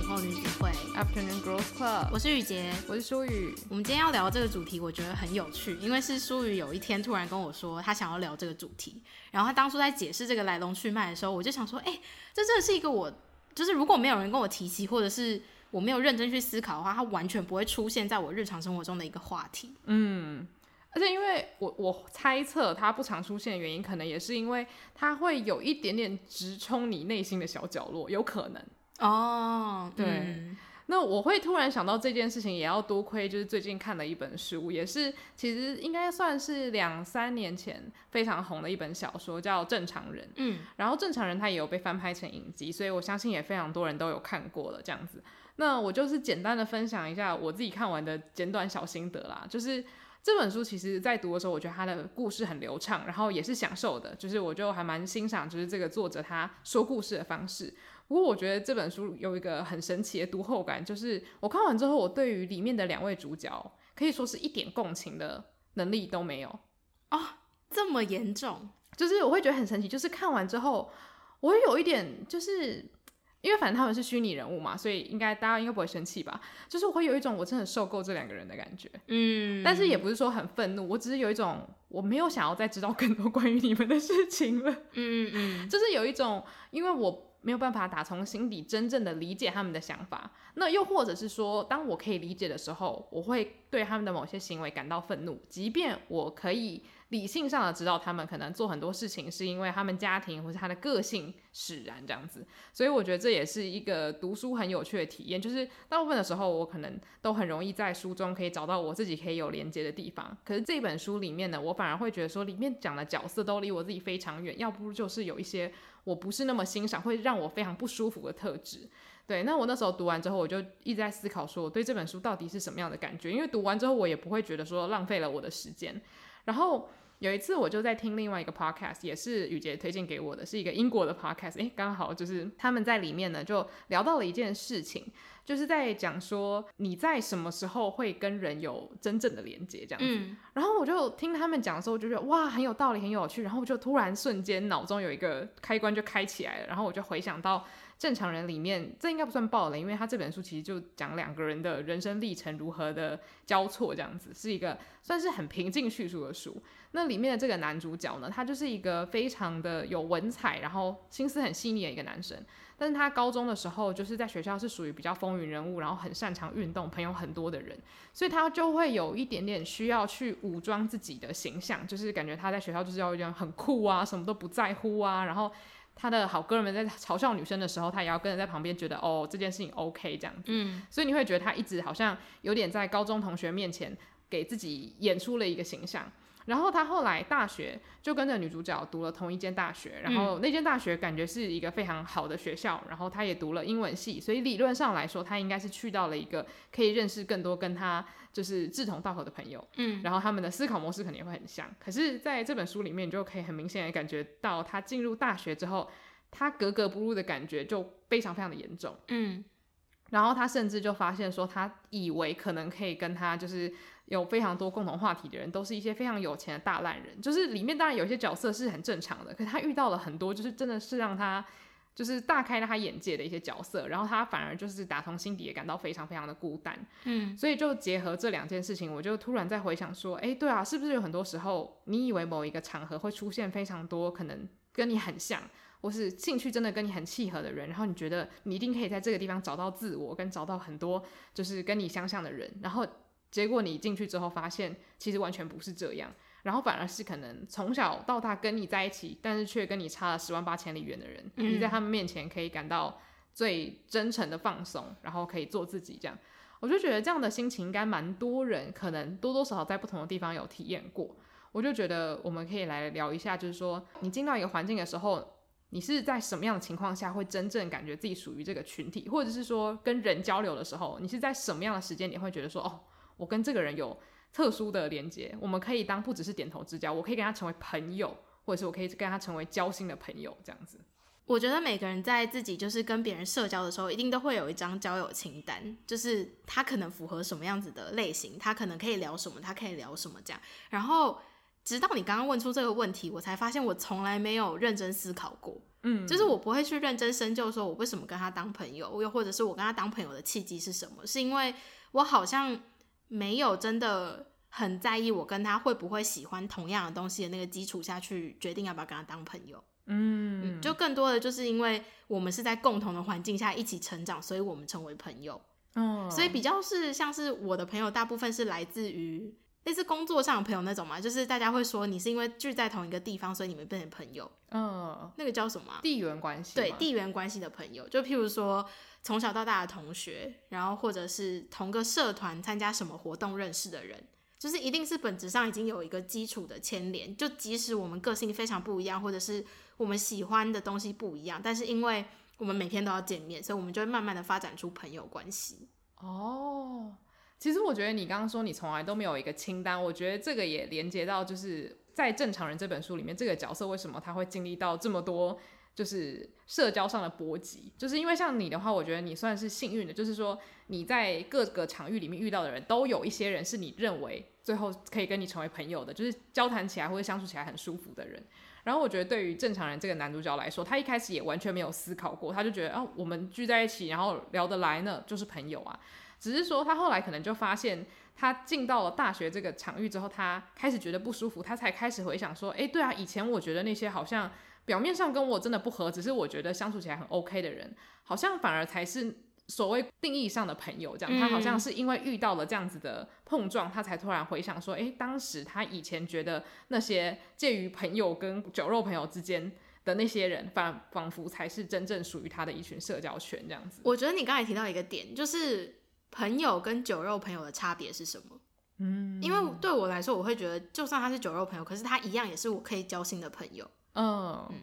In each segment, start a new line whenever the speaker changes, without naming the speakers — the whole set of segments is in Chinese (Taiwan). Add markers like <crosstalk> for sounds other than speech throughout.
午後女子會 Afternoon Girls Club，我是雨潔，我是舒宇。我們今天要聊這個主題，我覺得很有趣，因為是舒宇有一天突然跟我說他想要聊這個主題。然後他當初在解釋這個來龍去脈的時候，我就想說，哎、欸，這真的是一個我就是如果沒有人跟我提起，或者是我沒有認真去思考的話，他完全不會出現在我日常生活中的一個話題。嗯，而且因為我我猜測他不常出現的原因，可能也是因
為他會有一點點直衝你內心的小角落，有可能。哦，oh, 對，嗯、那我會突然想到這件事情，也要多虧就是最近看了一本書，也是其實應該算是兩三年前非常紅的一本小說，叫《正常人》。嗯，然後《正常人》它也有被翻拍成影集，所以我相信也非常多人都有看過了。這樣子，那我就是簡單的分享一下我自己看完的簡短小心得啦，就是這本書其實在讀的時候，我覺得它的故事很流暢，然後也是享受的，就是我就還蠻欣賞，就是這個作者他說故事的方式。不過我覺得這本書有一個很神奇的讀後感，就是我看完之後，我對於裡面的兩位主角，可以說是一點共情的能力都沒有啊、哦！這麼嚴重，就是我會覺得很神奇。就是看完之後，我會有一點，就是因為反正他們是虛擬人物嘛，所以應該大家應該不會生氣吧？就是我會有一種我真的很受夠這兩個人的感覺。嗯，
但是也不
是說很憤怒，我只是有一種我沒有想要再知道更多關於你們的事情了。嗯嗯，嗯就是有一種，因為我。沒有辦法打從心底真正的理解他們的想法，那又或者是說，當我可以理解的時候，我會對他們的某些行為感到憤怒，即便我可以理性上的知道他們可能做很多事情是因為他們家庭或是他的個性使然這樣子。所以我覺得這也是一個讀書很有趣的體驗，就是大部分的時候我可能都很容易在書中可以找到我自己可以有連接的地方，可是這本書裡面呢，我反而會覺得說裡面講的角色都離我自己非常遠，要不就是有一些。我不是那麼欣賞會讓我非常不舒服的特質，對。那我那時候讀完之後，我就一直在思考說，我對這本書到底是什麼樣的感覺？因為讀完之後，我也不會覺得說浪費了我的時間。然後有一次，我就在聽另外一個 podcast，也是雨杰推薦給我的，是一個英國的 podcast。欸，誒，剛好就是他們在裡面呢，就聊到了一件事情。就是在講說你在什麼時候會跟人有真正的連接這樣子，然後我就聽他們講的時候，我就覺得哇，很有道理，很有趣，然後我就突然瞬間腦中有一個開關就開起來了，然後我就回想到正常人裡面，這應該不算爆了，因為他這本書其實就講兩個人的人生歷程如何的交錯這樣子，是一個算是很平靜敘述的書。那裡面的這個男主角呢，他就是一個非常的有文采，然後心思很細膩的一個男生。但是他高中的時候，就是在學校是屬於比較風雲人物，然後很擅長運動，朋友很多的人，所以他就會有一點點需要去武裝自己的形象，就是感覺他在學校就是要有點很酷啊，什麼都不在乎啊。然後他的好哥們在嘲笑女生的時候，他也要跟著在旁邊覺得哦，這件事情 OK 這樣子。嗯，所以你會覺得他一直好像有點在高中同學面前給自己演出了一個形象。然後他後來大學就跟着女主角讀了同一間大學，然後那間大學感覺是一個非常好的學校，嗯，然後他也讀了英文系，所以理論上來說，他應該是去到了一個可以認識更多跟他就是志同道合的朋友，嗯，然後他們的思考模式可能也會很像。可是在這本書裡面，你就可以很明顯地感覺到他進入大學之後，他格格不入的感覺就非常非常的嚴重，嗯。然後他甚至就發現說，他以為可能可以跟他就是有非常多共同話題的人，都是一些非常有錢的大爛人。就是裡面當然有些角色是很正常的，可是他遇到了很多就是真的是讓他就是大開了他眼界的一些角色。然後他反而就是打從心底也感到非常非常的孤單。嗯，所以就結合這兩件事情，我就突然在回想說，誒，對啊，是不是有很多時候你以為某一個場合會出現非常多可能跟你很像。或是興趣真的跟你很契合的人，然後你覺得你一定可以在這個地方找到自我，跟找到很多就是跟你相像的人，然後結果你進去之後發現其實完全不是這樣，然後反而是可能從小到大跟你在一起，但是卻跟你差了十萬八千里遠的人，你在他們面前可以感到最真誠的放鬆，然後可以做自己這樣。我就覺得這樣的心情應該蠻多人可能多多少少在不同的地方有體驗過。我就覺得我們可以來聊一下，就是說你進到一個環境的時候。你是在什麼樣的情況下會真正感覺自己屬於這個群體，或者是說跟人交流的時候，你是在什麼樣的時間你會覺得說，哦，我跟這個人有特殊的連接，我們可以當不只是點頭之交，我可以跟他成為朋友，或者是我可以跟他成為交
心的朋友這樣子。我覺得每個人在自己就是跟別人社交的時候，一定都會有一張交友清單，就是他可能符合什麼樣子的類型，他可能可以聊什麼，他可以聊什麼這樣，然後。直到你剛剛問出這個問題，我才發現我從來沒有認真思考過。嗯，就是我不會去認真深究說我為什麼跟他當朋友，又或者是我跟他當朋友的契機是什麼？是因為我好像沒有真的很在意我跟他會不會喜歡同樣的東西的那個基礎下去決定要不要跟他當朋友。嗯，嗯，就更多的就是因為我們是在共同的環境下一起成長，所以我們成為朋友。嗯，哦，所以比較是像是我的朋友，大部分是來自於。是工作上的朋友那種嘛？就是大家會說你是因為聚在同一個地方，所以你們變成朋友。嗯，uh, 那個叫什麼啊？地緣關係。對，地緣關係的朋友，就譬如說從小到大的同學，然後或者是同個社團參加什麼活動認識的人，就是一定是本質上已經有一個基礎的牽連。就即使我們個性非常不一樣，或者是我們喜歡的東西不一樣，但是因為我們每天都要見面，所以我們就會慢慢的發展出朋友關係。哦。Oh.
其實我覺得你剛剛說你從來都沒有一個清單，我覺得這個也連接到就是在《正常人》這本書裡面，這個角色為什麼他會經歷到這麼多就是社交上的波及，就是因為像你的話，我覺得你算是幸運的，就是說你在各個場域裡面遇到的人都有一些人是你認為最後可以跟你成為朋友的，就是交談起來或者相處起來很舒服的人。然後我覺得對於《正常人》這個男主角來說，他一開始也完全沒有思考過，他就覺得啊、哦，我們聚在一起，然後聊得來呢，就是朋友啊。只是說他後來可能就發現，他進到了大學這個場域之後，他開始覺得不舒服，他才開始回想說，哎、欸，對啊，以前我覺得那些好像表面上跟我真的不合，只是我覺得相處起來很 OK 的人，好像反而才是所謂定義上的朋友這樣。他好像是因為遇到了這樣子的碰撞，嗯、他才突然回想說，哎、欸，當時他以前覺得那些介於朋友跟酒肉朋友之間的那些人，反而仿佛才是真正屬於他的一群社交圈這樣子。我覺得你剛才提到
一個點，就是。朋友跟酒肉朋友的差別是什麼？嗯，因為對我來說，我會覺得，就算他是酒肉朋友，可是他一樣也是我可以交心的朋友。嗯，嗯，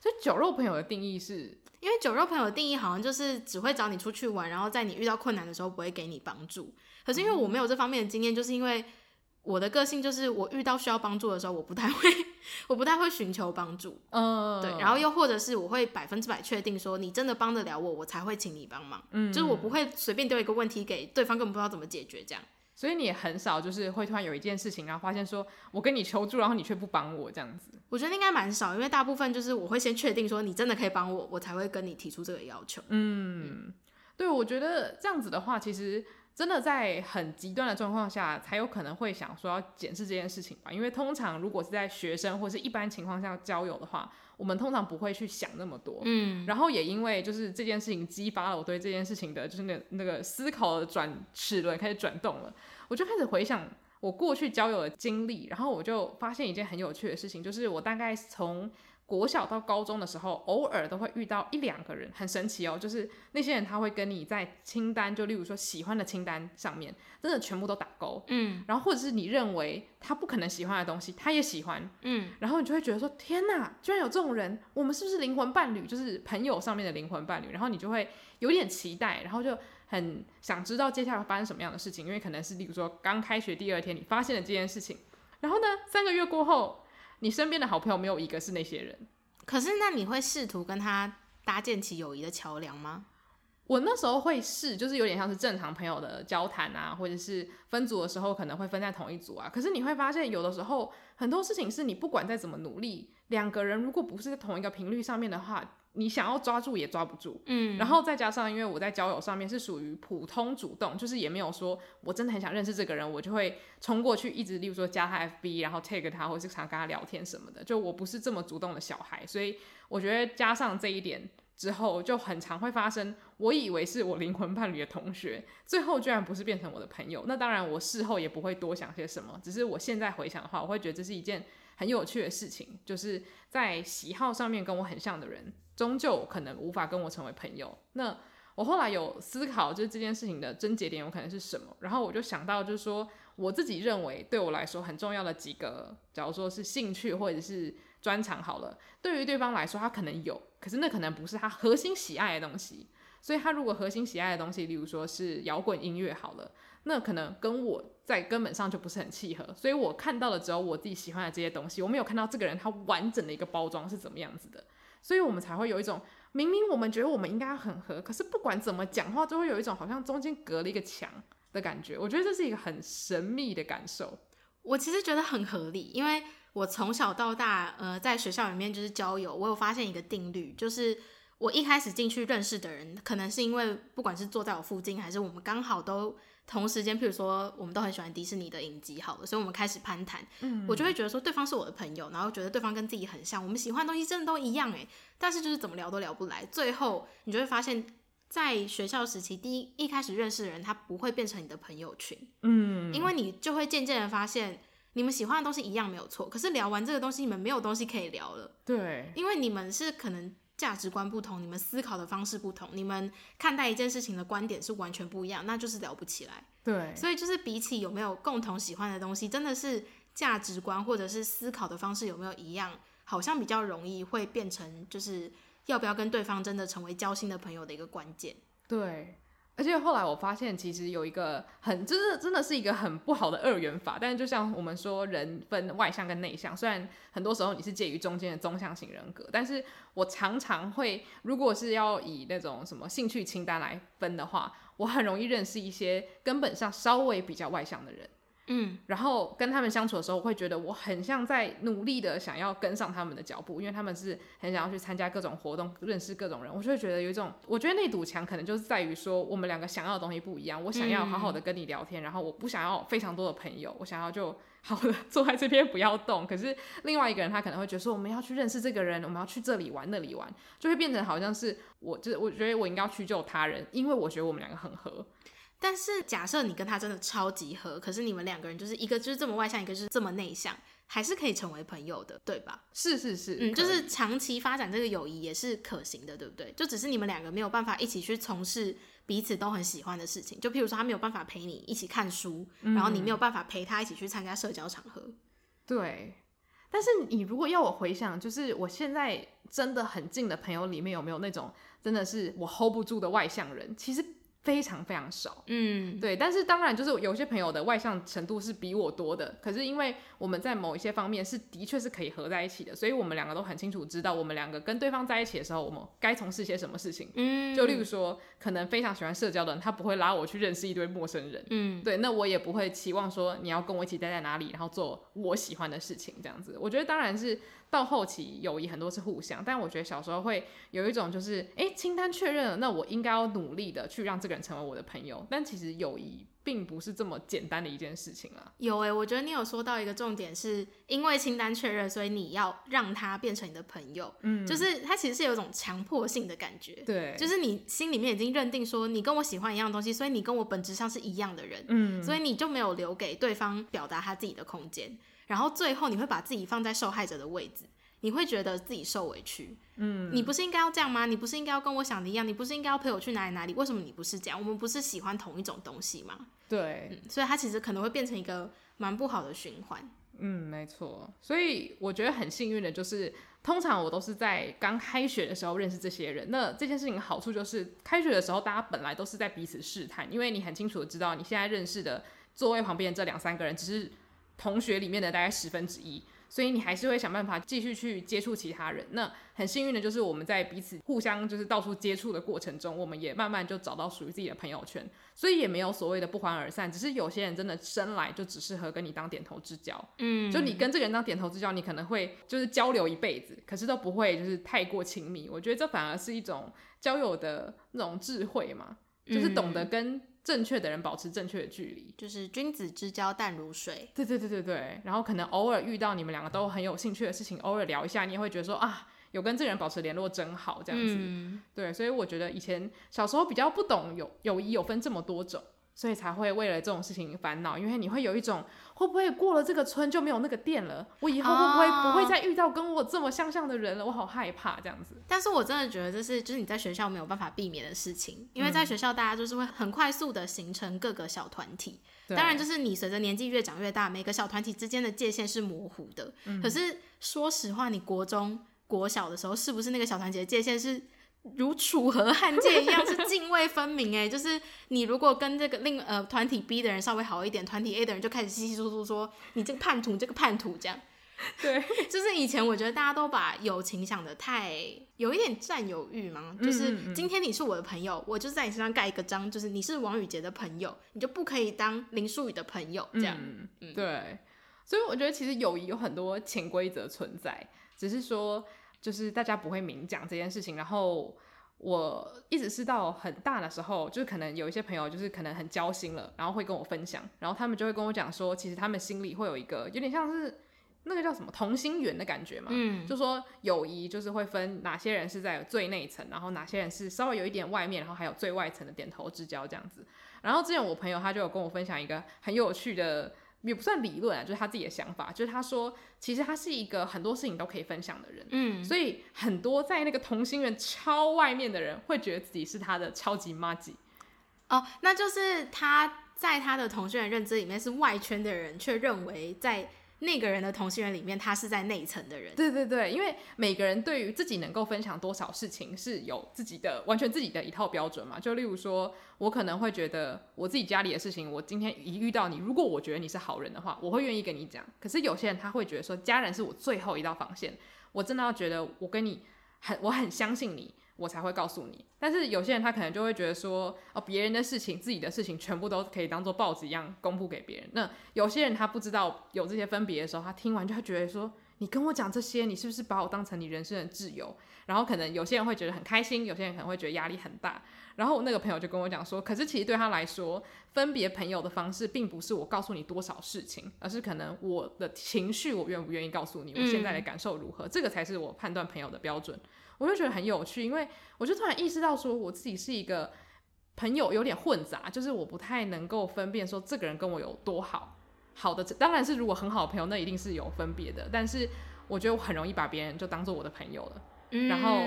所以酒肉朋友的定義是，因為酒肉朋友的定義好像就是只會找你出去玩，然後在你遇到困難的時候不會給你幫助。可是因為我沒有這方面的經驗，嗯，就是因為。我的個性就是，我遇到需要幫助的時候，我不太會，我不太會尋求幫助。嗯，uh, 對。然後又或者是我會百分之百確定說，你真的幫得了我，我才會請你幫忙。嗯，就是我不會隨便丟一個問題給對方，根本不知道怎麼解決這樣。所以你也很少就是會突然有一件事情，然後發現說
我跟你求助，然後你卻不幫我這樣子。
我覺得應該蠻少，因為大部分就是我會先確定說你真的可以幫我，我才會跟你提出這個要求。嗯，嗯對，我
覺得這樣子的話，其實。真的在很極端的狀況下才有可能會想說要檢視這件事情吧，因為通常如果是在學生或是一般情況下交友的話，我們通常不會去想那麼多，嗯。然後也因為就是這件事情激發了我對這件事情的，就是那那個思考的轉齒輪開始轉動了，我就開始回想我過去交友的經歷，然後我就發現一件很有趣的事情，就是我大概從。國小到高中的時候，偶爾都會遇到一兩個人，很神奇哦。就是那些人，他會跟你在清單，就例如說喜歡的清單上面，真的全部都打勾。嗯，然後或者是你認為他不可能喜歡的東西，他也喜歡。嗯，然後你就會覺得說，天哪，居然有這種人！我們是不是靈魂伴侶？就是朋友上面的靈魂伴侶？然後你就會有點期待，然後就很想知道接下來發生什麼樣的事情，因為可能是例如說剛開學第二天，你發現了這件事情，然後呢，三個月過後。你身邊的好朋友沒有一個是那些人，可是那你會試圖跟他搭建起友誼的橋樑嗎？我那時候會試，就是有點像是正常朋友的交談啊，或者是分組的時候可能會分在同一組啊。可是你會發現，有的時候很多事情是你不管再怎麼努力，兩個人如果不是在同一個頻率上面的話。你想要抓住也抓不住，嗯，然後再加上，因為我在交友上面是屬於普通主動，就是也沒有說我真的很想認識這個人，我就會衝過去一直，例如說加他 FB，然後 tag 他，或是常跟他聊天什麼的，就我不是這麼主動的小孩，所以我覺得加上這一點之後，就很常會發生，我以為是我靈魂伴侶的同學，最後居然不是變成我的朋友，那當然我事後也不會多想些什麼，只是我現在回想的話，我會覺得這是一件很有趣的事情，就是在喜好上面跟我很像的人，終究可能無法跟我成為朋友。那我後來有思考，就是這件事情的症結點有可能是什麼？然後我就想到，就是說我自己認為對我來說很重要的幾個，假如說是興趣或者是專長好了，對於對方來說他可能有，可是那可能不是他核心喜愛的東西。所以他如果核心喜愛的東西，例如說是搖滾音樂好了，那可能跟我在根本上就不是很契合。所以我看到了，只有我自己喜歡的這些東西，我沒有看到這個人他完整的一個包裝是怎麼樣子的。所以我們才會有一種明明我們覺得我們應該很合，可是不管怎麼講話，就會
有一種好像中間隔了一個牆的感覺。我覺得這是一個很神秘的感受。我其實覺得很合理，因為我從小到大，呃，在學校裡面就是交友，我有發現一個定律，就是。我一開始進去認識的人，可能是因為不管是坐在我附近，還是我們剛好都同時間，譬如說我們都很喜歡迪士尼的影集，好了，所以我們開始攀談，嗯，我就會覺得說對方是我的朋友，然後覺得對方跟自己很像，我們喜歡的東西真的都一樣誒，但是就是怎麼聊都聊不來。最後你就會發現，在學校時期第一一開始認識的人，他不會變成你的朋友群，嗯，因為你就會漸漸的發現你們喜歡的東西一樣沒有錯，可是聊完這個東西，你們沒有東西可以聊了，對，因為你們是可能。價值觀不同，你們思考的方式不同，你們看待一件事情的觀點是完全不一樣，那就是聊不起來。對，所以就是比起有沒有共同喜歡的東西，真的是價值觀或者是思考的方式有沒有一樣，好像比較容易會變成就是要不要跟對方真的成為交心的朋友的一個關鍵。對。而且後來我發現，其實有一個很，就是真的是一個很不好的二元法。但是就像
我們說，人分外向跟內向，雖然很多時候你是介於中間的中向型人格，但是我常常會，如果是要以那種什麼興趣清單來分的話，我很容易認識一些根本上稍微比較外向的人。嗯，然後跟他們相處的時候，我會覺得我很像在努力的想要跟上他們的腳步，因為他們是很想要去參加各種活動，認識各種人，我就會覺得有一種，我覺得那堵牆可能就是在於說，我們兩個想要的東西不一樣。我想要好好的跟你聊天，嗯、然後我不想要非常多的朋友，我想要就好的坐在這邊不要動。可是另外一個人他可能會覺得說，我們要去認識這個人，我們要去這裡玩那裡玩，就會變成好像是我就我覺得我應該要去救他人，因為我覺得我們兩
個很合。但是假設你跟他真的超級合，可是你們兩個人就是一個就是這麼外向，一個就是這麼內向，還是可以成為朋友的，對吧？是是是，嗯，可以。就是長期發展這個友誼也是可行的，對不對？就只是你們兩個沒有辦法一起去從事彼此都很喜歡的事情，就譬如說他沒有辦法陪你一起看書，嗯、然後你沒有辦法陪他一起去參加社交場合。
對，但是你如果要我回想，就是我現在真的很近的朋友裡面有沒有那種真的是我 hold 不住的外向人？其實。非常非常少，嗯，對。但是當然，就是有些朋友的外向程度是比我多的。可是因為我們在某一些方面是的確是可以合在一起的，所以我們兩個都很清楚知道，我們兩個跟對方在一起的時候，我們該從事些什麼事情。嗯，就例如說，可能非常喜歡社交的人，他不會拉我去認識一堆陌生人，嗯，對。那我也不會期望說你要跟我一起待在哪裡，然後做我喜歡的事情，這樣子。我覺得當然是。到後期，友誼很多是互相，但我覺得小時候會有一種就是，哎、欸，清單確認了，那我應該要努力的去讓這個人成為我的朋友。但其實友誼並不是這麼簡單的一件事情啊。
有哎、欸，我覺得你有說到一個重點是，是因為清單確認，所以你要讓他變成你的朋友，嗯，就是他其實是有一種強迫性的感覺，對，就是你心裡面已經認定說，你跟我喜歡一樣東西，所以你跟我本質上是一樣的人，嗯，所以你就沒有留給對方表達他自己的空間。然後最後你會把自己放在受害者的位置，你會覺得自己受委屈，嗯，你不是應該要這樣嗎？你不是應該要跟我想的一樣？你不是應該要陪我去哪裡哪裡？為什麼你不是這樣？我們不是喜歡同一種東西嗎？
對，嗯，
所以它其實可能會變成一個蠻不好的循環。
嗯，沒錯。所以我覺得很幸運的就是，通常我都是在剛開學的時候認識這些人。那這件事情的好處就是，開學的時候大家本來都是在彼此試探，因為你很清楚的知道你現在認識的座位旁邊的這兩三個人只是。同學裡面的大概十分之一，所以你還是會想辦法繼續去接觸其他人。那很幸運的就是我們在彼此互相就是到處接觸的過程中，我們也慢慢就找到屬於自己的朋友圈，所以也沒有所謂的不歡而散。只是有些人真的生來就只適合跟你當點頭之交。嗯，就你跟這個人當點頭之交，你可能會就是交流一輩子，可是都不會就是太過親密。我覺得這反而是一種交友的那種智慧嘛，就是懂得跟。正確的人保持正確的距離，就是君子之交淡如水。對對對對對，然後可能偶爾遇到你們兩個都很有興趣的事情，偶爾聊一下，你也會覺得說啊，有跟這個人保持聯絡真好這樣子。嗯、對，所以我覺得以前小時候比較不懂友友誼有分這麼多種，所以才會為了這種事情煩惱，因為你會有一種。會不會過了這個村就沒有那個店了？我以後會不會不會再遇到跟我這麼相像，像的人了？Oh. 我好害怕這樣子。
但是我真的覺得這是就是你在學校沒有辦法避免的事情，因為在學校大家就是會很快速的形成各個小團體。嗯、當然，就是你隨着年紀越長越大，對每個小團體之間的界限是模糊的。嗯、可是說實話，你國中、國小的時候，是不是那個小團體的界限是如楚河漢界一樣，是涇渭分明哎。 <laughs> 就是你如果跟這個另呃、團體 B 的人稍微好一點，團體 A 的人就開始稀稀疏疏說，說你這個叛徒，這個叛徒這樣。對， <laughs> 就是以前我覺得大家都把友情想得太有一點佔有欲嘛，就是今天你是我的朋友，嗯嗯，我就在你身上蓋一個章，就是你是王宇杰的朋友，你就不可以當林書宇的朋友這樣。嗯、對，嗯、
所以我覺得其實友誼有很多潛規則存在，只是說。就是大家不會明講這件事情，然後我一直是到很大的時候，就是可能有一些朋友就是可能很交心了，然後會跟我分享，然後他們就會跟我講說，其實他們心裡會有一個有點像是那個叫什麼同心圓的感覺嘛，嗯，就說友誼就是會分哪些人是在最內層，然後哪些人是稍微有一點外面，然後還有最外層的點頭之交這樣子。然後之前我朋友他就有跟我分享一個很有趣的。也不算理論啊，就是他自己的想法。就是他說，其實他是一個很多事情都可以分享的人，嗯，所以很多在那個同心圓超外面的人會覺得自己是他的超級麻吉。
哦，那就是他在他的同心圓認知裡面是外圈的人，卻認為在。那個人的同心圓裡面，他是在哪一層的人。對
對對因為每個人對於自己能夠分享多少事情是有自己的完全自己的一套標準嘛。就例如說，我可能會覺得我自己家裡的事情，我今天一遇到你，如果我覺得你是好人的話，我會願意跟你講。可是有些人他會覺得說，家人是我最後一道防線。我真的要覺得，我跟你很，我很相信你。我才會告訴你，但是有些人他可能就會覺得說，哦，別人的事情、自己的事情全部都可以當做報紙一樣公布給別人。那有些人他不知道有這些分別的時候，他聽完就會覺得說，你跟我講這些，你是不是把我當成你人生的摯友？然後可能有些人會覺得很開心，有些人可能會覺得壓力很大。然後我那個朋友就跟我講說，可是其實對他來說，分別朋友的方式並不是我告訴你多少事情，而是可能我的情緒，我願不願意告訴你，我現在的感受如何，嗯、這個才是我判斷朋友的標準。我就覺得很有趣，因為我就突然意識到說，我自己是一個朋友有點混雜，就是我不太能夠分辨說這個人跟我有多好。好的，當然是如果很好的朋友，那一定是有分別的。但是我覺得我很容易把別人就當做我的朋友了。嗯。然後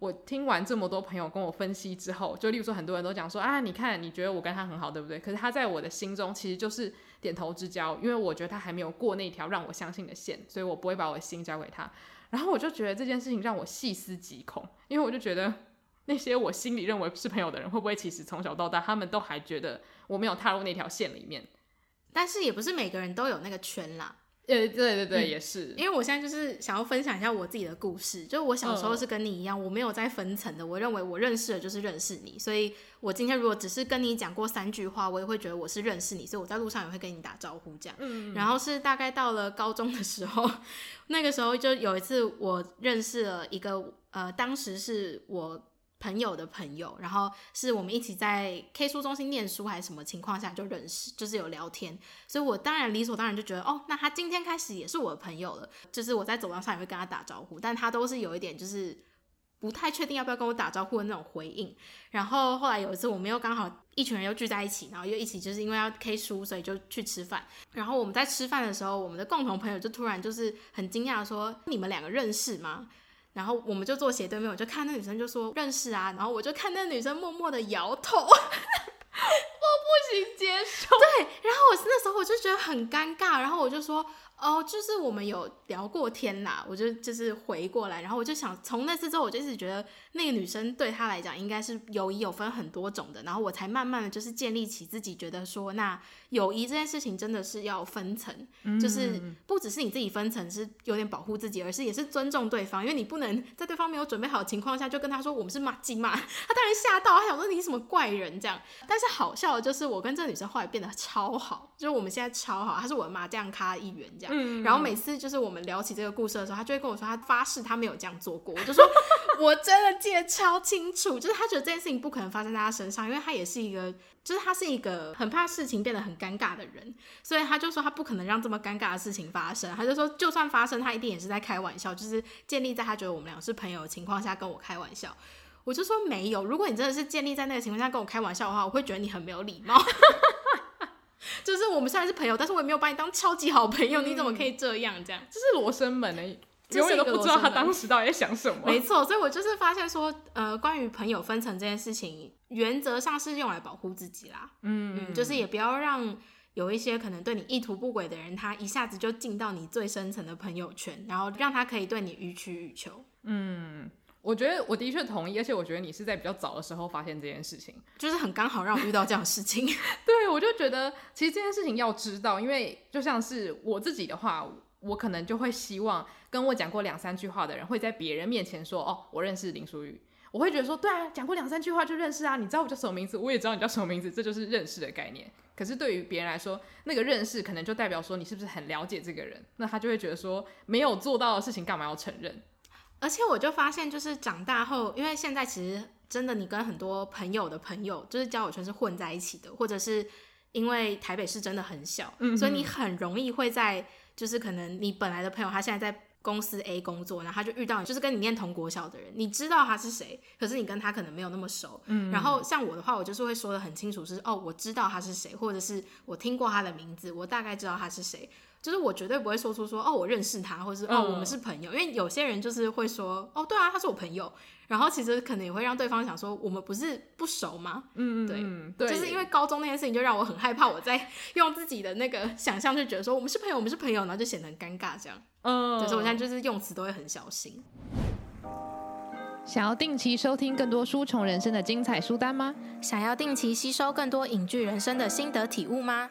我聽完這麼多朋友跟我分析之後，就例如說很多人都講說啊，你看你覺得我跟他很好，對不對？可是他在我的心中其實就是點頭之交，因為我覺得他還沒有過那條讓我相信的線，所以我不會把我的心交給他。然後我就覺得這件事情讓我細思極恐，因為我就覺得那些我心裡認為是朋友的人，會不會其實從小到大他們都還覺得我沒有踏入那條線裡面？
但是也不是每個人都有那個圈啦。呃、欸，對對對，嗯、也是。因為我現在就是想要分享一下我自己的故事，就我小時候是跟你一樣，呃、我沒有在分層的，我認為我認識的就是認識你，所以我今天如果只是跟你講過三句話，我也會覺得我是認識你，所以我在路上也會跟你打招呼這樣。嗯嗯。然後是大概到了高中的時候，那個時候就有一次我認識了一個呃，當時是我。朋友的朋友，然後是我們一起在 K 書中心念書還是什麼情況下就認識，就是有聊天，所以我當然理所當然就覺得，哦，那他今天開始也是我的朋友了，就是我在走廊上也會跟他打招呼，但他都是有一點就是不太確定要不要跟我打招呼的那種回應。然後後來有一次我們又剛好一群人又聚在一起，然後又一起就是因為要 K 書，所以就去吃飯。然後我們在吃飯的時候，我們的共同朋友就突然就是很驚訝地說：“你們兩個認識嗎？”然後我們就坐斜對面，我就看那女生就說認識啊，然後我就看那女生默默的搖頭， <laughs> 我不行接受。對，然後我那時候我就覺得很尷尬，然後我就說。哦，oh，就是我們有聊過天啦，我就就是回過來。然後我就想從那次之後，我就一直覺得那個女生對她來講，應該是友誼有分很多種的，然後我才慢慢的就是建立起自己覺得說，那友誼這件事情真的是要分層，就是不只是你自己分層是有點保護自己，而是也是尊重對方，因為你不能在對方沒有準備好的情況下就跟他說我們是麻吉嘛，他當然嚇到，他想說你什麼怪人這樣，但是好笑的就是我跟這個女生後來變得超好，就是我們現在超好，她是我這樣的麻吉咖一員這樣。嗯，然後每次就是我們聊起這個故事的時候，他就會跟我說，他發誓他沒有這樣做過。我就說，我真的記得超清楚， <laughs> 就是他覺得這件事情不可能發生在他身上，因為他也是一個，就是他是一個很怕事情變得很尷尬的人，所以他就說他不可能讓這麼尷尬的事情發生。他就說，就算發生，他一定也是在開玩笑，就是建立在他覺得我們倆是朋友的情況下跟我開玩笑。我就說沒有，如果你真的是建立在那個情況下跟我開玩笑的話，我會覺得你很沒有禮貌。 <laughs> 就是我們現在是朋友，但是我也沒有把你當超級好朋友，嗯、你怎麼可以這樣？這樣就是羅生門嘞，永遠都不知道他當時到底在想什麼。沒錯，所以我就是發現說，呃，關於朋友分層這件事情，原則上是用來保護自己啦。嗯，嗯，就是也不要讓有一些可能對你意圖不軌的人，他一下子就進到你最深層的朋友圈，然後讓他可以對你予取予求。
嗯。我覺得我的確同意，而且我覺得你是在比較早的時候發現這件事
情，就是很剛好讓我遇到這樣的事情。
<laughs> 對，我就覺得其實這件事情要知道，因為就像是我自己的話我，我可能就會希望跟我講過兩三句話的人會在別人面前說，哦，我認識林書玉。我會覺得說，對啊，講過兩三句話就認識啊，你知道我叫什麼名字，我也知道你叫什麼名字，這就是認識的概念。可是對於別人來說，那個認識可能就代表說你是不是很了解
這個人，那他就會覺得說，沒有做到的事情幹嘛要承認？而且我就發現，就是長大後，因為現在其實真的，你跟很多朋友的朋友，就是交友圈是混在一起的，或者是因為台北是真的很小，嗯哼，所以你很容易會在，就是可能你本來的朋友，他現在在公司 A 工作，然後他就遇到你，就是跟你念同國小的人，你知道他是誰，可是你跟他可能沒有那麼熟，嗯，然後像我的話，我就是會說得很清楚是，是哦，我知道他是誰，或者是我聽過他的名字，我大概知道他是誰。就是我絕對不會說出說哦，我認識他，或是哦，嗯、我們是朋友，因為有些人就是會說哦，對啊，他是我朋友，然後其實可能也會讓對方想說我們不是不熟嗎？嗯，
對對，對就是
因為高中那件事情，就讓我很害怕，我在用自己的那個想象就覺得說我們是朋友，我們是朋友，然後就顯得很尷尬這樣。嗯，所以我現在就是用詞都會很小心。
想要定期收聽更多書蟲人生的精彩書單嗎？想要定期吸收
更多影劇人生的心得體悟嗎？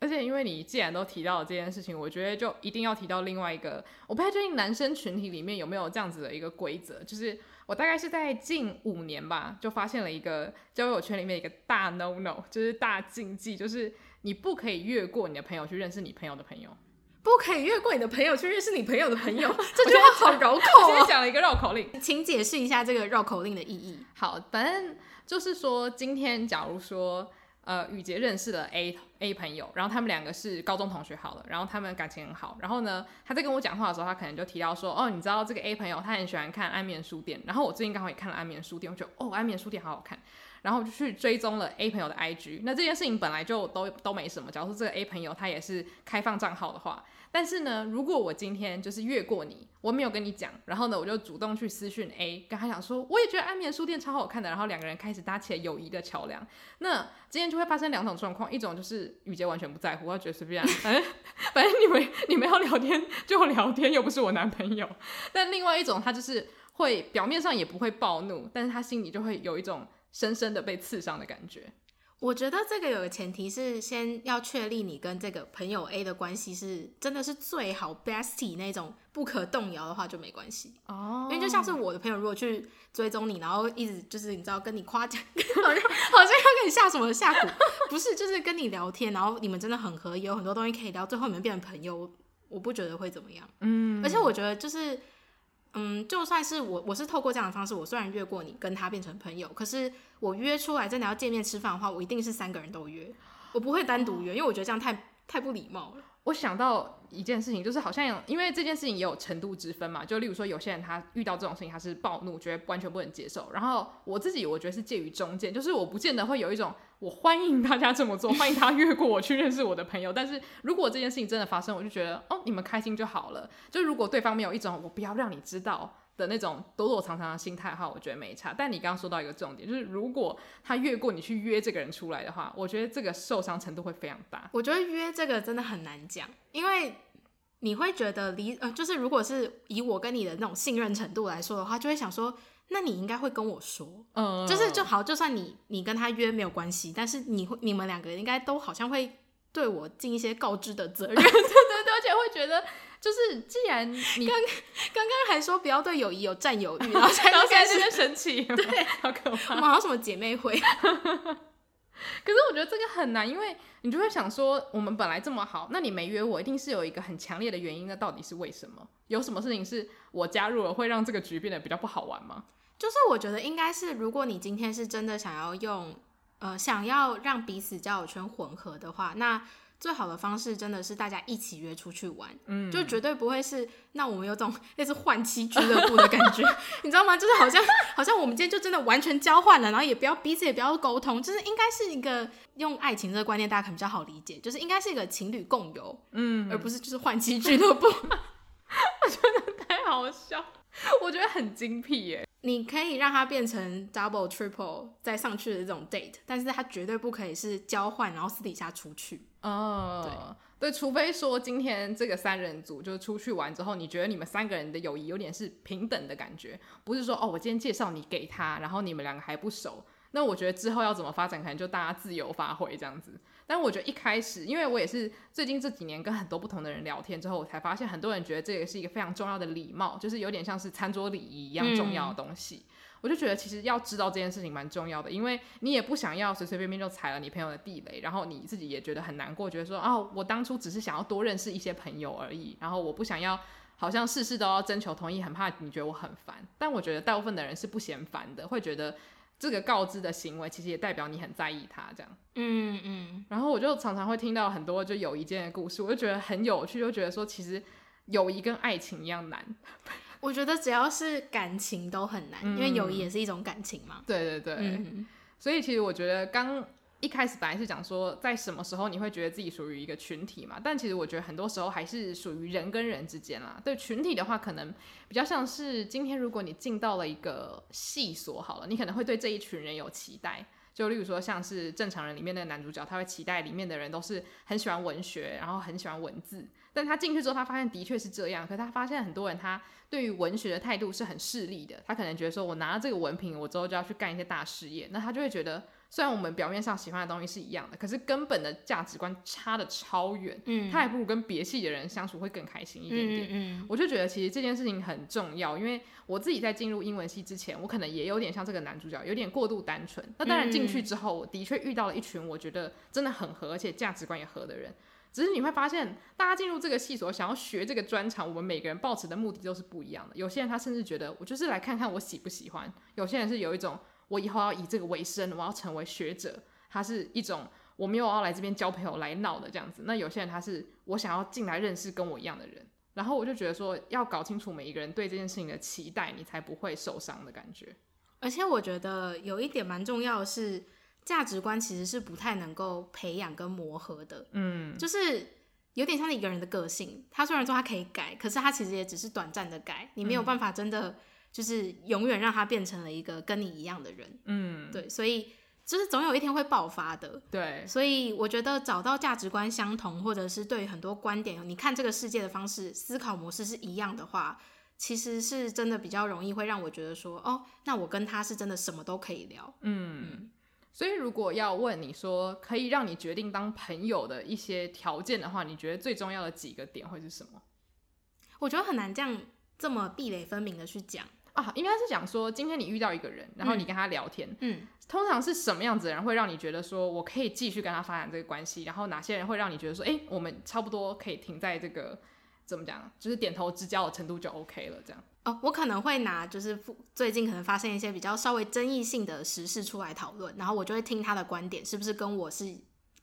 而且，因為你既然都提到了這件事情，我覺得就一定要提到另外一個。我不太確定男生群體裡面有沒有這樣子的一個規則，就是我大概是在近五年吧，就發現了一個交友圈裡面一個大 no no，就是大禁忌，就是你不可以越過你的朋友去認識你朋友的朋友，
不可以越過你的朋友去認識你朋友的朋友。 <laughs> 這句話好繞口哦，今天講
了一個繞口令，
請解釋一下這個繞口令的意義。好，反正就
是說，今天假如說。呃，宇杰認識了 A A 朋友，然後他們兩個是高中同學，好了，然後他們感情很好。然後呢，他在跟我講話的時候，他可能就提到說，哦，你知道這個 A 朋友，他很喜歡看安眠書店。然後我最近剛好也看了安眠書店，我覺得哦，安眠書店好好看，然後我就去追蹤了 A 朋友的 IG。那這件事情本來就都都沒什麼。假如說這個 A 朋友他也是開放賬號的話。但是呢，如果我今天就是越過你，我沒有跟你講，然後呢，我就主動去私訊 A，跟他講說我也覺得安眠書店超好看的，然後兩個人開始搭起了友誼的橋樑。那今天就會發生兩種狀況，一種就是雨潔完全不在乎，他覺得隨便、 <laughs> 欸，反正反正你們你們要聊天就聊天，又不是我男朋友。但另外一種，他就是會表面上也不會暴怒，但是他心裡就會有一種深深
的被刺傷的感覺。我覺得這個有個前提是，先要確立你跟這個朋友 A 的關係是真的是最好 bestie 那種不可動搖的話就沒關係哦。Oh. 因為就像是我的朋友，如果去追蹤你，然後一直就是你知道跟你誇獎， <laughs> 好像好像要跟你下什麼下蠱，不是就是跟你聊天，然後你們真的很合，有很多東西可以聊，最後你們變成朋友，我不覺得會怎麼樣。嗯，而且我覺得就是。嗯，就算是我，我是透過這樣的方式，我雖然約過你跟他變成朋友，可是我約出來真的要見面吃飯的話，我一定是三個人都約，我不會單獨約，因為我覺得這樣太太
不禮貌了。我想到一件事情，就是好像因為這件事情也有程度之分嘛，就例如說有些人他遇到這種事情他是暴怒，覺得完全不能接受。然後我自己我覺得是介於中間，就是我不見得會有一種我歡迎大家這麼做，歡迎大家越過我去認識我的朋友。 <laughs> 但是如果這件事情真的發生，我就覺得哦，你們開心就好了。就如果對方沒有一種我不要讓你知道。的那種躲躲藏藏的心態的話，我覺得沒差。但你剛剛說到一個重點，就是如果他越過你去約這個人出來的話，我覺得這個受傷程度會非常大。我覺得約這個真
的很難講，因為你會覺得離呃，就是如果是以我跟你的那種信任程度來說的話，就會想說，那你應該會跟我說，嗯，就是就好，就算你你跟他約沒有關係，但是你你們兩個應該都好像會對我盡一些告知的責任， <laughs> <laughs> 對對，而且會覺得。就是，既然你剛剛剛還說不要對友誼有占有欲，然後現在開始生氣，對，好可怕。我們好像什麼姐妹
會？ <laughs> <laughs> 可是我覺得這個很難，因為你就會想說，我們本來這麼好，那你沒約我，一定是有一個很強烈的原因。那到底是為什麼？有什麼事情是我加入了會讓這個局變得比較不好玩嗎？
就是我覺得應該是，如果你今天是真的想要用，呃，想要讓彼此交友圈混合的話，那。最好的方式真的是大家一起約出去玩，嗯，就絕對不會是那我們有這種類似換妻俱樂部的感覺， <laughs> 你知道嗎？就是好像好像我們今天就真的完全交換了，然後也不要彼此也不要溝通，就是應該是一個用愛情這個觀念大家可能比較好理解，就是應該是一個情侶共遊，嗯，而不是就是換妻俱樂部， <laughs> <laughs> 我覺得太好笑。 <laughs> 我覺得很精闢耶！你可以讓他變成 double triple 再上去的這種 date，但是他絕對不可以是交換，然後私底下出去。哦、oh, 對，對
對，除非說今天這個三人組就出去玩之後，你覺得你們三個人的友誼有點是平等的感覺，不是說哦我今天介紹你給他，然後你們兩個還不熟，那我覺得之後要怎麼發展，可能就大家自由發揮這樣子。但我覺得一開始，因為我也是最近這幾年跟很多不同的人聊天之後，我才發現很多人覺得這個是一個非常重要的禮貌，就是有點像是餐桌禮儀一樣重要的東西。嗯、我就覺得其實要知道這件事情蠻重要的，因為你也不想要隨隨便便就踩了你朋友的地雷，然後你自己也覺得很難過，覺得說啊、哦，我當初只是想要多認識一些朋友而已，然後我不想要好像事事都要徵求同意，很怕你覺得我很煩。但我覺得大部分的人是不嫌煩的，會覺得。這個告知的行為，其實也代表你很在意他，這樣。嗯
嗯。
嗯，然後我就常常會聽到很多就友誼間的故事，我就覺得很有趣，就覺得說其實友誼跟愛情一樣難。
我覺得只要是感情都很難，嗯、因為友誼也是一種感情嘛。對對對。嗯、
哼所以其實我覺得剛。一開始本來是講說，在什麼時候你會覺得自己屬於一個群體嘛？但其實我覺得很多時候還是屬於人跟人之間啦。對群體的話，可能比較像是今天如果你進到了一個系所好了，你可能會對這一群人有期待。就例如說，像是正常人裡面那個男主角，他會期待裡面的人都是很喜歡文學，然後很喜歡文字。但他進去之後，他發現的確是這樣。可是他發現很多人他對於文學的態度是很勢利的。他可能覺得說，我拿了這個文憑，我之後就要去幹一些大事業，那他就會覺得。雖然我們表面上喜歡的東西是一樣的，可是根本的價值觀差得超遠，嗯，他還不如跟別系的人相處會更開心一點點。嗯，嗯，嗯，我就覺得其實這件事情很重要，因為我自己在進入英文系之前，我可能也有點像這個男主角，有點過度單純。那當然進去之後，我的確遇到了一群我覺得真的很合，而且價值觀也合的人。只是你會發現，大家進入這個系所，想要學這個專長，我們每個人抱持的目的都是不一樣的。有些人他甚至覺得我就是來看看我喜不喜歡，有些人是有一種。我以後要以這個為生，我要成為學者。他是一種我沒有要來這邊交朋友來鬧的這樣子。那有些人他是我想要進來認識跟我一樣的人，然後我就覺得說，要搞清楚每一個人對這件事情的期待，你才不會受傷的感覺。
而且我覺得有一點蠻重要的是，價值觀其實是不太能夠培養跟磨合的。嗯，就是有點像一個人的個性，他雖然說他可以改，可是他其實也只是短暫的改，你沒有辦法真的。嗯。就是永遠讓他變成了一個跟你一樣的人，嗯，對，所以就是總有一天會爆發的，對，所以我覺得找到價值觀相同，或者是對很多觀點，你看這個世界的方式、思考模式是一樣的話，其實是真的比較容易會讓我覺得說，哦，那我跟他是真的什麼都可以聊，嗯，嗯，
所以如果要問你說可以讓你決定當朋友的一些條件的話，你覺得最重要的幾個點會是什麼？我覺得很難這樣這麼壁壘分明的去講。啊，應該是講說，今天你遇到一個人，然後你跟他聊天，嗯，嗯，通常是什麼樣子的人會讓你覺得說，我可以繼續跟他發展這個關係？然後哪些人會讓你覺得說，哎、欸，我們
差不多可以停在這個怎麼講，就是點頭之交的程度就 OK 了這樣？哦，我可能會拿就是最近可能發生一些比較稍微爭議性的時事出來討論，然後我就會聽他的觀點，是不是跟我是？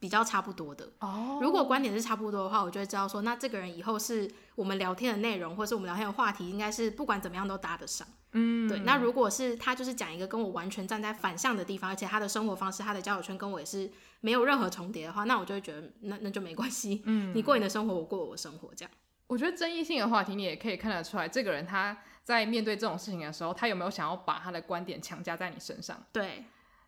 比較差不多的哦。Oh, 如果觀點是差不多的話，我就會知道說，那這個人以後是我們聊天的內容，或是我們聊天的話題，應該是不管怎麼樣都搭得上。嗯，對。那如果是他就是講一個跟我完全站在反向的地方，而且他的生活方式、他的交友圈跟我也是沒有任何重疊的話，那我就會覺得那那就沒關係。嗯，你過你的生活，我過我的生活，這樣。我覺得爭議性的話題，你也可以看得出來，這個人他在
面對這種事情的時候，他有沒有想要把他的觀點強加在你身上？對。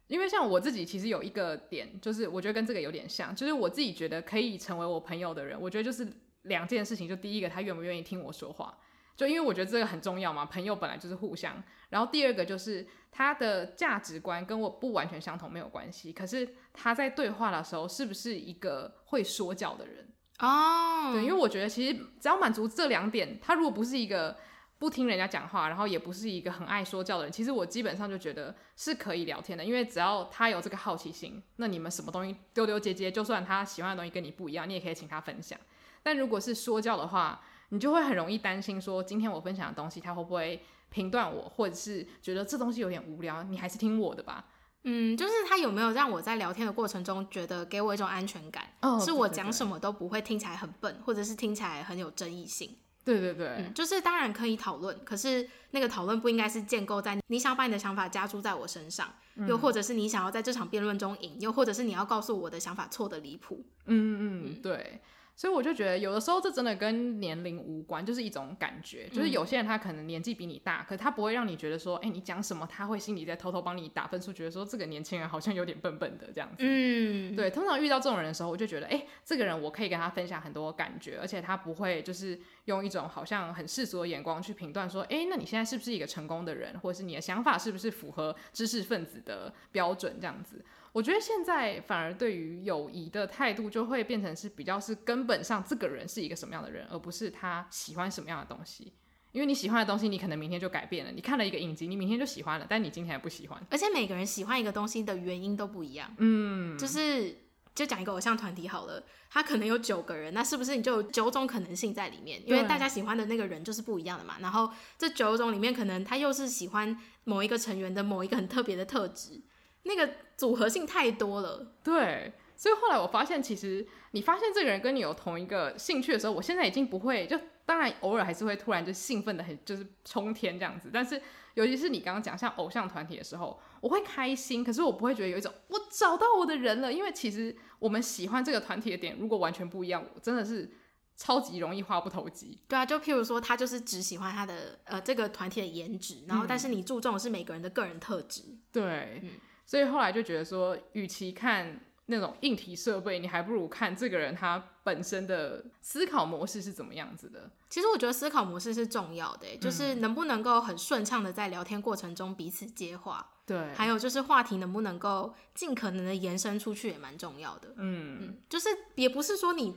因為像我自己其實有一個點，就是我覺得跟這個有點像，就是我自己覺得可以成為我朋友的人，我覺得就是兩件事情，就第一個他願不願意聽我說話，就因為我覺得這個很重要嘛，朋友本來就是互相。然後第二個就是他的價值觀跟我不完全相同沒有關係，可是他在對話的時候是不是一個會說教的人？哦，oh. 對，因為我覺得其實只要滿足這兩點，他如果不是一個。不聽人家講話，然後也不是一個很愛說教的人。其實我基本上就覺得是可以聊天的，因為只要他有這個好奇心，那你們什麼東西丟丟結結，就算他喜歡的東西跟你不一樣，你也可以請他分享。但如果是說教的話，你就會很容易擔心說，今天我分享的東西他會不會
評斷我，或者是覺得這東西有點無聊，你還是聽我的吧。嗯，就是他有沒有讓我在聊天的過程中覺得給我一種安全感，哦，是我講什麼都不會聽起來很笨，對對對。或者是聽起來很有爭議性。
對對對、嗯，就
是當然可以討論，可是那個討論不應該是建構在你想要把你的想法加注在我身上，嗯、又或者是你想要在這場辯論中贏，又或者是你要告訴我的想法錯得離譜。嗯嗯，對。
所以我就覺得，有的時候這真的跟年齡無關，就是一種感覺。就是有些人他可能年紀比你大，嗯，可他不會讓你覺得說，哎，你講什麼他會心裡在偷偷幫你打分數，覺得說這個年輕人好像有點笨笨的這樣子。嗯，對。通常遇到這種人的時候，我就覺得，哎，這個人我可以跟他分享很多感覺，而且他不會就是用一種好像很世俗的眼光去評斷說，哎，那你現在是不是一個成功的人，或者是你的想法是不是符合知識分子的標準這樣子。我覺得現在反而對於友誼的態度就會變成是比較是根本上這個人是一個什麼樣的人，而不是他喜歡什麼樣的東西。因為你喜歡的東西，你可能明天
就改變了。你看了一個影集，你明天就喜歡了，但你今天還不喜歡。而且每個人喜歡一個東西的原因都不一樣。嗯，就是就講一個偶像團體好了，他可能有九個人，那是不是你就有九種可能性在裡面？因為大家喜歡的那個人就是不一樣的嘛。然後這九種裡面，可能他又是喜歡某一個成員的某一個很特別的特質。那個組合性太多了，對，
所以後來我發現，其實
你發現這個人跟
你有同一個興趣的時候，我現在已經不會就，當然偶爾還是會突然就興奮的很，就是衝天這樣子。但是，尤其是你剛剛講像偶像團體的時候，我會開心，可是我不會覺得有一種我找到我的人了，因為其實我們喜歡這個團體的點如果完全不一樣，我真的是
超級容易話不投機。對啊，就譬如說他就是只喜歡他的呃這個團體的顏值，然後但是你注重的是每個人的個人特質，嗯、對。嗯
所以後來就覺得說，與其看那種硬體設備，你還不如看這個人他本身的
思考模式是怎麼樣子的。其實我覺得思考模式是重要的、欸，嗯、就是能不能夠很順暢的在聊天過程中彼此接話。對，還有就是話題能不能夠盡可能的延伸出去也蠻重要的。嗯，嗯，就是也不是說你。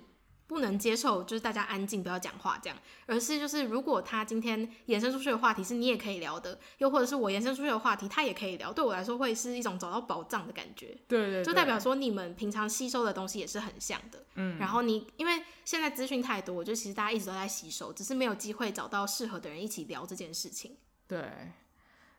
不能接受，就是大家安靜，不要講話這樣，而是就是如果他今天延伸出去的話題是你也可以聊的，又或者是我延伸出去的話題他也可以聊，對我來說會是一種找到寶藏的感覺。對，對對，就代表說你們平常吸收的東西也是很像的。嗯，然後你因為現在資訊太多，我覺得其實大家一直都在吸收，只是沒有機會找到適合的人一起聊這件事情。
對，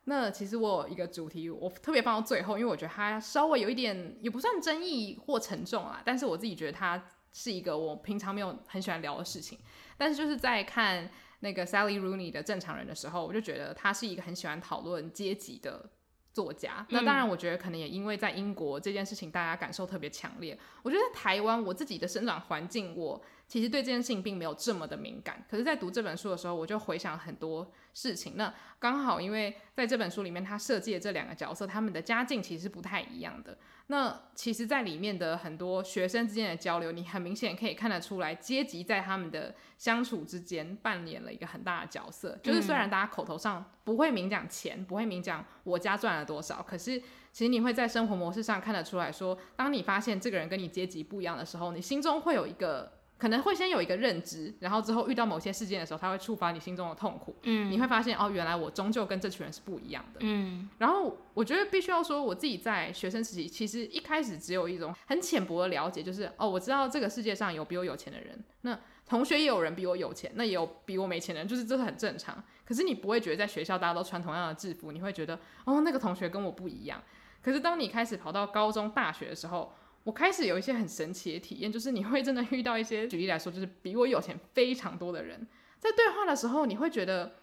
那其實我有一個主題，我特別放到最後，因為我覺得它稍微有一點也不算爭議或沉重啊，但是我自己覺得它是一個我平常沒有很喜歡聊的事情，但是就是在看那個 Sally Rooney 的《正常人》的時候，我就覺得他是一個很喜歡討論階級的作家。那當然，我覺得可能也因為在英國這件事情大家感受特別強烈，我覺得台灣我自己的生長環境我。其實對這件事情並沒有這麼的敏感，可是，在讀這本書的時候，我就回想很多事情。那剛好，因為在這本書裡面，他設計的這兩個角色，他們的家境其實不太一樣的。那其實，在裡面的很多學生之間的交流，你很明顯可以看得出來，階級在他們的相處之間扮演了一個很大的角色。嗯、就是雖然大家口頭上不會明講錢，不會明講我家賺了多少，可是其實你會在生活模式上看得出來說，當你發現這個人跟你階級不一樣的時候，你心中會有一個。可能會先有一個認知，然後之後遇到某些事件的時候，它會觸發你心中的痛苦。嗯，你會發現哦，原來我終究跟這群人是不一樣的。嗯，然後我覺得必須要說，我自己在學生時期，其實一開始只有一種很淺薄的了解，就是哦，我知道這個世界上有比我有錢的人，那同學也有人比我有錢，那也有比我沒錢的人，就是這是很正常。可是你不會覺得在學校大家都穿同樣的制服，你會覺得哦，那個同學跟我不一樣。可是當你開始跑到高中、大學的時候，我開始有一些很神奇的體驗，就是你會真的遇到一些，舉例來說，就是比我有錢非常多的人，在對話的時候，你會覺得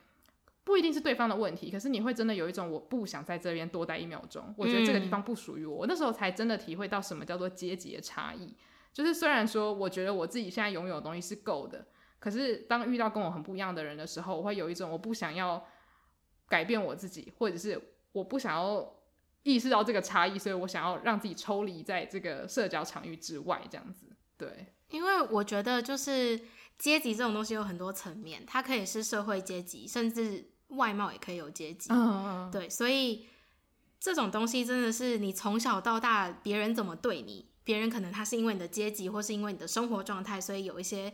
不一定是對方的問題，可是你會真的有一種我不想在這邊多待一秒鐘，我覺得這個地方不屬於我。嗯。我那時候才真的體會到什麼叫做階級的差異。就是雖然說我覺得我自己現在擁有的東西是夠的，可是當遇到跟我很不一樣的人的時候，我會有一種我不想要改變我自己，或者是我不想要。意識到這個差異，所以我想要讓自己抽離在這個社交場域之外，這樣子。
對，因為我覺得就是階級這種東西有很多層面，它可以是社會階級，甚至外貌也可以有階級。嗯嗯嗯。對，所以這種東西真的是你從小到大別人怎麼對你，別人可能他是因為你的階級，或是因為你的生活狀態，所以有一些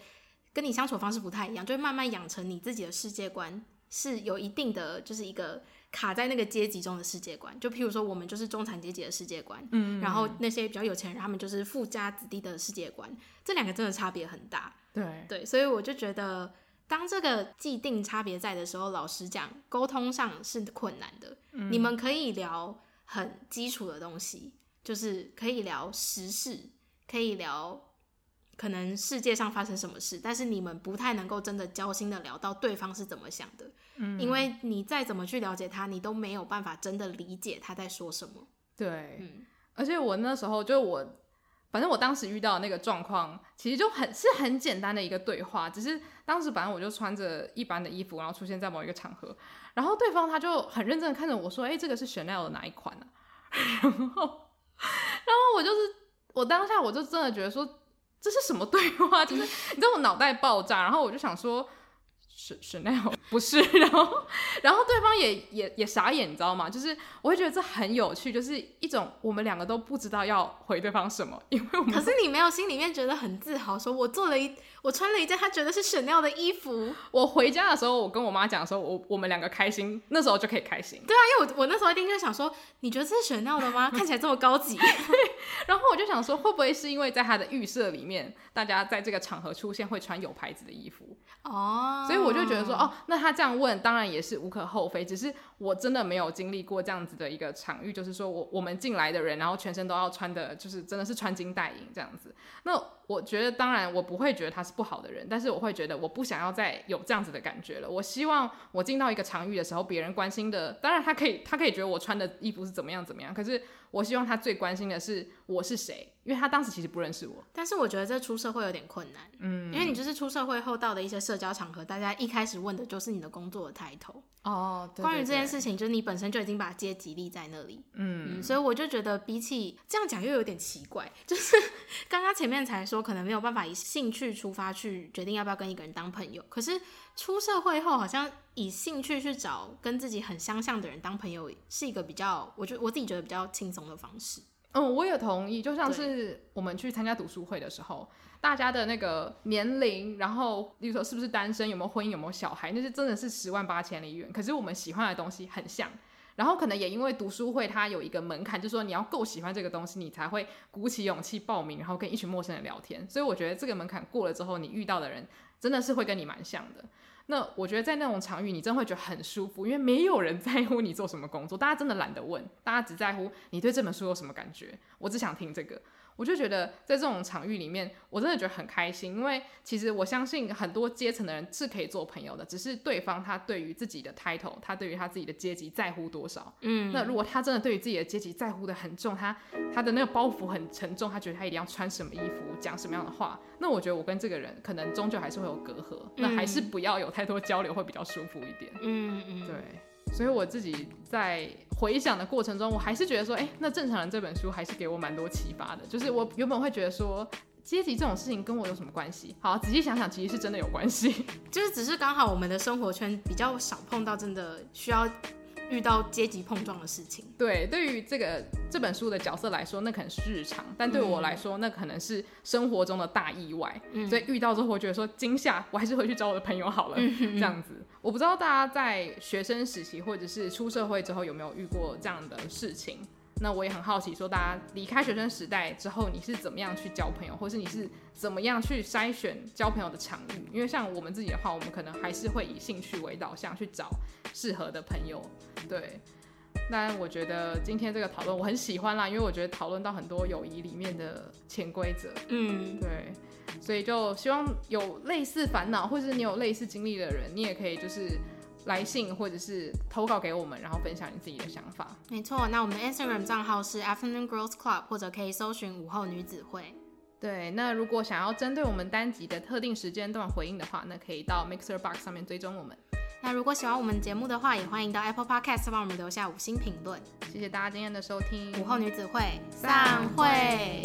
跟你相處方式不太一樣，就會慢慢養成你自己的世界觀，是有一定的，就是一個卡在那個階級中的世界觀。就譬如說，我們就是中產階級的世界觀，嗯，然後那些比較有錢人，他們就是富家子弟的世界觀。這兩個真的差別很大，對對。所以我就覺得，當這個既定差別在的時候，老實講，溝通上是困難的。嗯。你們可以聊很基礎的東西，就是可以聊時事，可以聊。可能世界上發生什麼事，但是你們不太能夠真的交心的聊到對方是怎麼想的，嗯，因為你再怎麼去了解他，你都沒有辦法真的理解他在說什麼。
對，嗯，而且我那時候就我，反正我當時遇到的那個狀況，其實就很是很簡單的一個對話，只是當時反正我就穿着一般的衣服，然後出現在某一個場合，然後對方他就很認真的看着我說：“哎、欸，這個是 Chanel 的哪一款啊？”然後，然後我就是我當下我就真的覺得說。這是什麼對話？就是你知道我腦袋爆炸，然後我就想說，是是那樣，不是，然後然後對方也也也傻眼，你知道嗎？就是我會覺得這很有趣，就是一種我們兩個都不知道要回對方什麼，因
為我們都。可是你沒有心裡面覺得很自豪，說我做了一。我穿了一件他覺得是 Chanel 的衣服。
我回家的時候，我跟我媽講說，我我們兩個開心，那時候就可以開心。
對啊，因為我我那時候一定就想說，你覺得這是 Chanel 的嗎？ <laughs> 看起來這麼高級。
<laughs> <laughs> 然後我就想說，會不會是因為在他的預設裡面，大家在這個場合出現會穿有牌子的衣服？
哦、oh，所以我就覺得說，哦，
那他這樣問，當然也是無可厚非。只是我真的沒有經歷過這樣子的一個場域，就是說我我們進來的人，然後全身都要穿的，就是真的是穿金戴銀這樣子。那我覺得，當然我不會覺得他是。不好的人，但是我會覺得我不想要再有這樣子的感覺了。我希望我進到一個場域的時候，別人關心的，當然他可以，他可以覺得我穿的衣服是怎麼樣怎麼樣，可是，我希望他最關心的
是我是誰，因為他當時其實不認識我。但是我覺得這出社會有點困難，嗯，因為你就是出社會後到的一些社交場合，大家一開始問的就是你的工作的抬頭哦，對對對，關於這件事情，就是你本身就已經把階級立在那裡，嗯，嗯，所以我就覺得比起這樣講又有點奇怪，就是剛剛前面才說可能沒有辦法以興趣出發去決定要不要跟一個人當朋友，可是。出社會後，好像以興趣去找跟自己很相像的人當朋友，是一個比較，我覺我自己覺得比較輕鬆的方式。嗯，我
也同意。就像是我們去參加讀書會的時候，對
大家的那個
年齡，然後例如說是不是單身，有沒有婚姻，有沒有小孩，那是真的是十萬八千里遠。可是我們喜歡的東西很像。然後可能也因為讀書會，它有一個門檻，就是說你要夠喜歡這個東西，你才會鼓起勇氣報名，然後跟一群陌生人聊天。所以我覺得這個門檻過了之後，你遇到的人真的是會跟你蠻像的。那我覺得在那種場域，你真會覺得很舒服，因為沒有人在乎你做什麼工作，大家真的懶得問，大家只在乎你對這本書有什麼感覺。我只想聽這個。我就覺得，在這種場域裡面，我真的覺得很開心，因為其實我相信很多階層的人是可以做朋友的，只是對方他對於自己的 title，他對於他自己的階級在乎多少。嗯，那如果他真的對於自己的階級在乎得很重，他他的那個包袱很沉重，他覺得他一定要穿什麼衣服，講什麼樣的話，那我覺得我跟這個人可能終究還是會有隔閡，嗯、那還是不要有太多交流會比較舒服一點。嗯嗯，對。所以我自己在回想的過程中，我還是覺得說，哎、欸，那正常人這本書還是給我蠻多啟發的。就是我原本會覺得說，階級這種事情跟我有什麼關係？好，仔細想想，
其實是真的有關係。就是只是剛好我們的生活圈比較少碰到，真的需要。遇到階級碰撞的事情，
對，對於這個這本書的角色來說，那可能是日常；但對我來說，嗯、那可能是生活中的大意外。嗯、所以遇到之後，我覺得說驚嚇，我還是回去找我的朋友好了。嗯嗯，這樣子，我不知道大家在學生時期或者是出社會之後有沒有遇過這樣的事情。那我也很好奇，說大家離開學生時代之後，你是怎麼樣去交朋友，或是你是怎麼樣去篩選交朋友的場域？因為像我們自己的話，我們可能還是會以興趣為導向去找適合的朋友。對，但我覺得今天這個討論我很喜歡啦，因為我覺得討論到很多友誼裡面的潛規則，嗯，對，所以就希望有類似煩惱，或是你有類似經歷的人，你也可以就是。來信或者是投
稿給我們，然後分享
你自己的想法。
沒錯，那我們的 Instagram 賬號是 Afternoon Girls Club，或者可以搜尋“午後女子會”。對，
那如果想要針對我們單集的特定時間段回應的話，那可以到 Mixer Box 上面追蹤我們。那如果喜歡我們節目的話，也歡迎到
Apple Podcast 幫我們留下五星評論。謝謝大家今天的收聽，“午後女子會”散會。